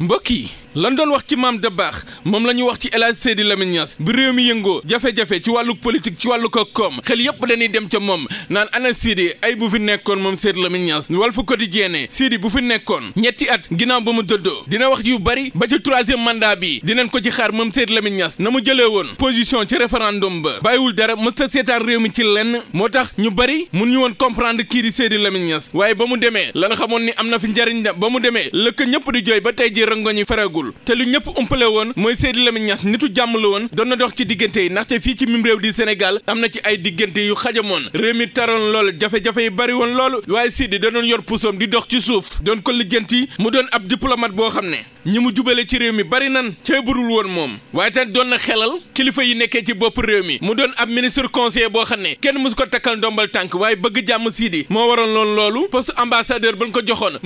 mbokk yi lan doon wax ci maam Dabakh moom la ñu wax ci El Hadj Seydi Lamine Niass bi réew mi yëngoo jafe-jafe ci wàllu politique ci wàllu ko koom xel yëpp dañuy dem ca moom naan ana Seydi ay bu fi nekkoon moom Seydi Lamine Niass di jeene Seydi bu fi nekkoon ñetti at ginnaaw ba mu dëddoo dina wax yu bari ba ci troisième mandat bi dinañ ko ci xaar moom Seydi Lamine Niass na mu jëlee woon position ci référendum ba bàyyiwul dara mësta seetaan réew mi ci lenn moo tax ñu bari mun ñu woon kii di Seydi Lamine waaye ba mu demee lan xamoon ni am na fi njariñ ba mu demee lëkk ñëpp di jooy ba tey ji rangoñi faragul yàggul te lu ñëpp umpale woon mooy Seydi Lamine nitu jàmm la woon doon na dox ci diggante yi ndaxte fii ci mim réew di Sénégal am na ci ay diggante yu xajamoon réew mi taroon lool jafe-jafe yi bari woon loolu waaye Seydi da doon yor pusoom di dox ci suuf doon ko lijjanti mu doon ab diplomate boo xam ne ñi mu jubale ci réew mi bari nan cee burul woon moom waaye tamit doon na xelal kilifa yi nekkee ci bopp réew mi mu doon ab ministre conseiller boo xam ne kenn mësu ko takkal ndombal tànk waaye bëgg jàmm Seydi moo ba ko joxoon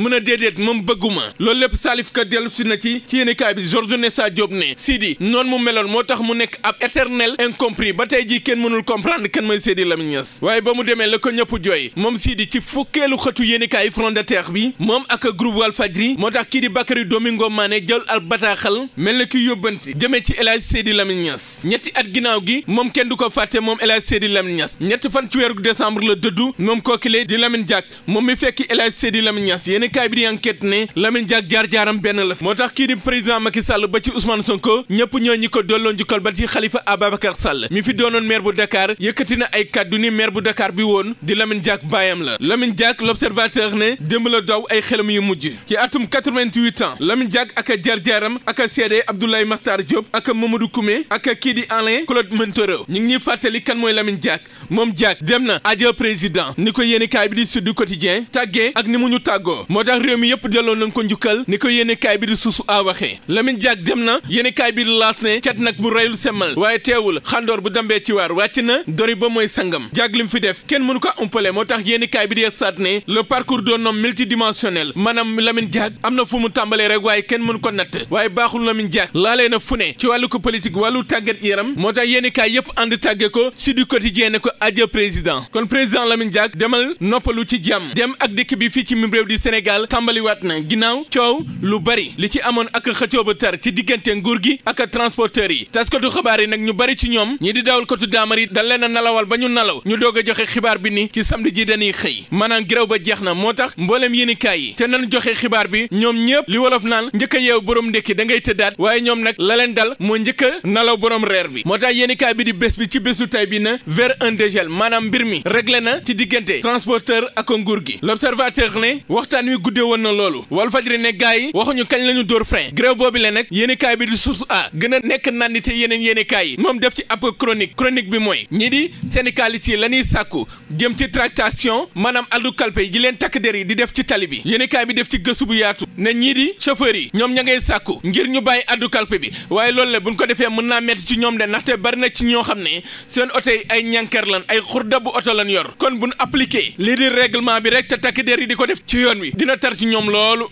a yéenekaay bi Georges Nessa Diop ne Sidi noonu mu meloon moo tax mu nekk ab éternel incompris ba tey jii kenn mënul comprendre kenn mooy Sidi Lamine Niass waaye ba mu demee la ko ñëpp jooy moom Sidi ci fukkeelu xëtu yéenekaay Front de Terre bi moom ak groupe Walfadjri moo tax kii di Bakary Domingo Mané jël al bataaxal mel na ki yóbbanti jëmee ci El Hadj Sidi Lamine Niass ñetti at ginnaaw gi moom kenn du ko fàtte moom El Hadj Sidi Lamine Niass ñetti fan ci weeru décembre la dëddu moom kookile di Lamine Diack moom mi fekk El Hadj Sidi Lamine Niass yéenekaay bi di enquête ne Lamine Diack jaar-jaaram benn la moo tax kii di président Macky Sall ba ci Ousmane Sonko ñëpp ñoo ñi ko dolloo njukkal ba ci Khalifa Ababacar Sall mi fi doonoon maire bu Dakar yëkkati na ay kàddu ni maire bu Dakar bi woon di Lamine Diack baayam la Lamine Diack l'observateur ne démb la daw ay xelam yu mujj ci atum ans Lamine Diack ak a jaar-jaaram ak a seede Abdoulaye Makhtar Diop ak a Mamadou Koumé ak a kii di Alain ngi fàttali kan mooy Lamine Diack moom Diack dem na adieu président ni ko yéenekaay bi a waxee Lamine Diack dem na yéen kaay bi laas ne cet nag bu reyul semmal waaye teewul xandoor bu dambee ci waar wàcc na dori ba mooy sangam Diack lim fi def kenn mënu ko umpale moo tax yéen kaay bi di saat ne le parcours d'un homme multidimensionnel maanaam Lamine Diack am na fu mu tàmbalee rek waaye kenn mënu ko natt waaye baaxul Lamine Diack laalee na fu ne ci wàllu ko politique wàllu tàggat yaram moo tax yéen kaay yëpp ànd tàgge ko si du ko adieu président kon président Lamine bi fii ci mim di Sénégal tàmbaliwaat na ginnaaw coow lu bari li ci amoon ak xëccoo bu tar ci diggante nguur gi ak transporteurs yi taskatu xabaar yi nag ñu bari ci ñoom ñi di dawal kotu daamar yi dañ a nalawal ba ñu nalaw ñu doog a joxe xibaar bi ni ci samedi ji dañuy xëy maanaam grève ba jeex na moo tax mbooleem yéenikaay yi te nañ joxe xibaar bi ñoom ñëpp li wolof naan njëkk a yeew borom ndékki da ngay tëddaat waaye ñoom nag la leen dal moo njëkk a nalaw borom reer bi moo tax yéenikaay bi di bés bi ci bésu tay bi na vers un dégel maanaam mbir mi réglé na ci diggante transporteur ak nguur gi l'observateur ne waxtaan wi guddee woon na loolu Walfadjri ne gaay yi waxuñu kañ lañu dóor frein grève boobu le nag yéen i bi di source a gën a nekk nandite yeneen yéen i def ci ab chronique bi mooy ñi di syndicalistes yi la ñuy sàkku jëm ci tractation maanaam aldu kalpe yi ji leen takk yi di def ci tali bi yéen i bi def ci gëstu bu yaatu ne ñii di yi ñoom ña ngay sàkku ngir ñu bàyyi addu kalpe bi waaye loolu la buñ ko defee mën naa metti ci ñoom de ndaxte bari na ci ñoo xam ne seen oto yi ay ñànker lan ay xurda bu oto lan yor kon buñ appliqué lii di règlement bi rek te yi di ko def ci yoon wi dina tar ci ñoom loolu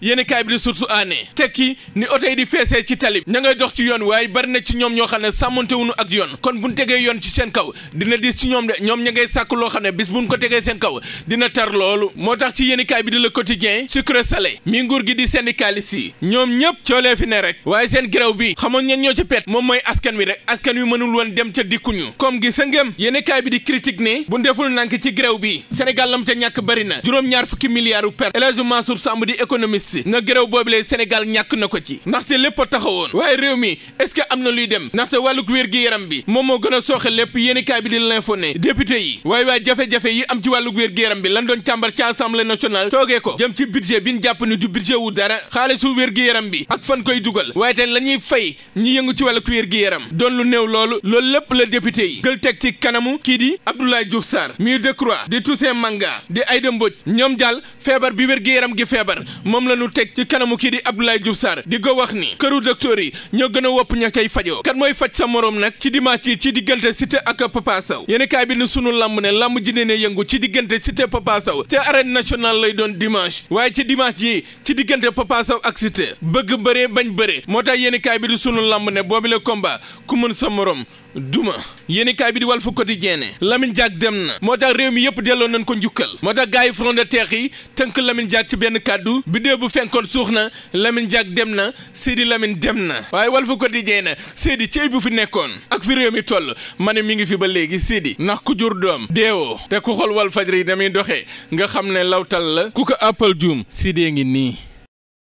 oto di feesee ci tali ña ngay dox ci yoon waaye bari na ci ñoom ñoo xam ne sàmmante ak yoon kon buñ tegee yoon ci seen kaw dina dis ci ñoom de ñoom ña ngay sàkk loo xam ne bis buñ ko tegee seen kaw dina loolu moo tax ci yéenikaay bi di le quotidien sucré salé mi nguur gi di syndicaliste yi ñoom ñëpp coolee fi ne rek waaye seen grève bi xamoon ñen ñoo ci pet moom mooy askan wi rek wi mënul woon dem ca dikkuñu comme gi sa ngëm yéenikaay bi di critique ne buñ deful nank ci grève bi Sénégal lam ca ñàkk bari na juróom-ñaar fukki milliards u perte El Hadj Mansour di économiste na grève boobu le Sénégal ñàkk na ko ci ndaxte lépp a taxawoon waaye réew mi est que am na luy dem ndaxte wàlluk wér gi yaram bi moom moo gën a sooxe lépp yéeni kaay bi di l'info ne député yi waaye waaye jafe-jafe yi am ci wàlluk wér gi yaram bi lan doon càmbar ci assemblée nationale toogee ko jëm ci budget bi ñu jàpp ni du budget wu dara xaalisu wér gi yaram bi ak fan koy dugal waaye te la ñuy fay ñi yëngu ci ku wér gi yaram doon lu néew loolu loolu lépp la député yi jël teg ci kanamu kii di Abdoulaye Diouf Sarr mi Decroix di Toussaint Manga di Aïda Mbodj ñoom daal feebar bi wér yaram gi feebar moom la ñu teg ci kanamu kii di Abdoulaye Diouf Sarr ko wax ni këru docteur yi ñoo gën a wopp ña koy fajo kan mooy faj sa morom nag ci dimanche yi ci diggante Cité ak Papa Sow yéen kaay bi ni sunu lamb ne lamb ji ne yëngu ci diggante Cité Papa Sow ci arène nationale lay doon dimanche waaye ci dimanche ji ci diggante Papa Sow ak Cité bëgg bëree bañ bëree moo tax yéen kaay bi di sunu lamb ne boobu la combat ku mën sa morom duma yéeni kaay bi di Walf Quotidien Lamine Diack dem na moo tax réew mi yëpp delloon nañ ko njukkal moo tax gars yi front de terre yi tënk Lamine Diack ci benn kàddu bidéo bu fenkoon suux na Lamine Diack dem na Seydi Lamine dem na waaye wal ko di Walf Quotidien Seydi cey bu fi nekkoon ak fi réew mi toll ma ne mi ngi fi ba léegi Seydi ndax ku jur doom deewoo te ku xool Walfadjri yi damuy doxee nga xam ne lawtal la ku ko appal juum Seydi ngi nii